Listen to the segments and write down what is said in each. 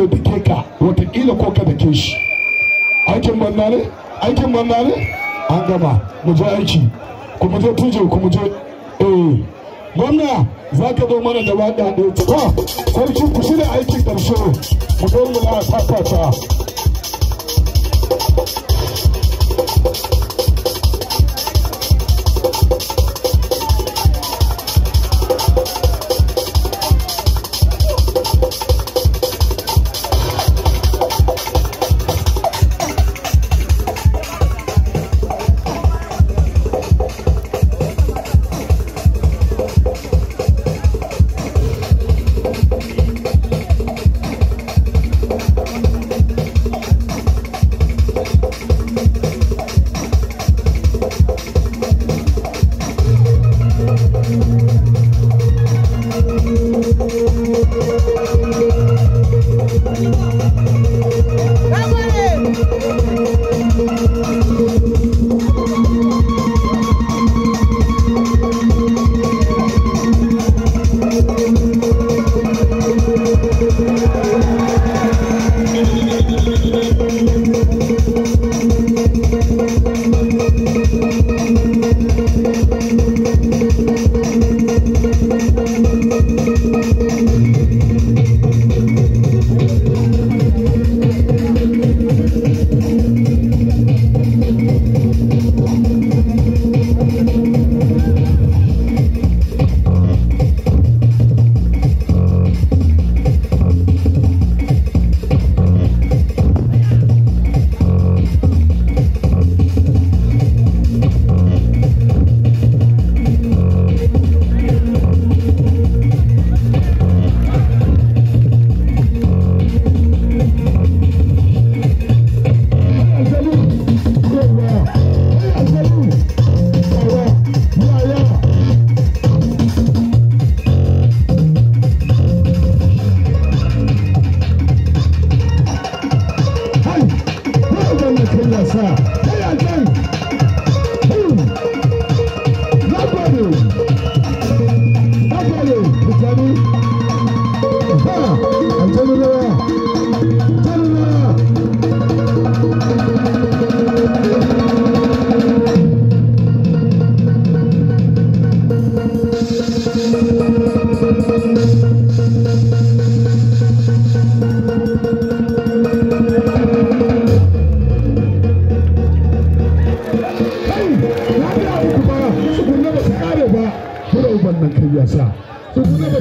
ya dake ka watakila ko ka dake shi aikin banna ne aikin banna ne an gama mu je aiki ku mu je tuje ku mu je eh gwamna za ka zo mana da waɗa ɗaya ta sarki ku shirya aikin ƙarshe mu zo mu na ta bless her. Play again. Nobody. Nobody. Nobody. Nobody. wannan kai ya sa. Su kuma ba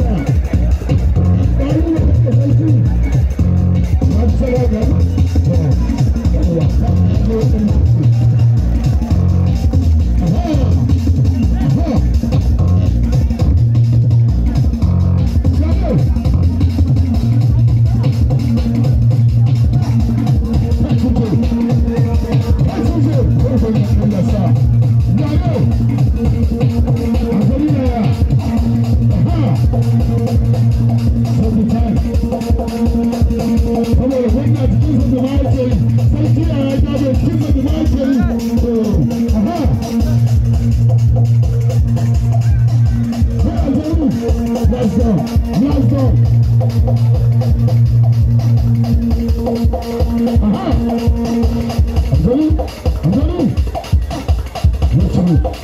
down. Zotro,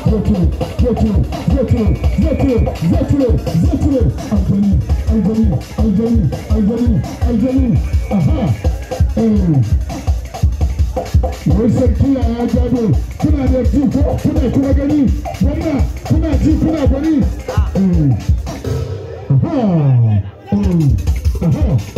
Zotro, Zotro, Zotro, Zotro, Anthony. Angelina, Angelina, Angelina, Angelina. Aha. Wasan kila ya gado, kuna da ji kuna kuma gani, wannan kuna ji kuna Aha. Aha.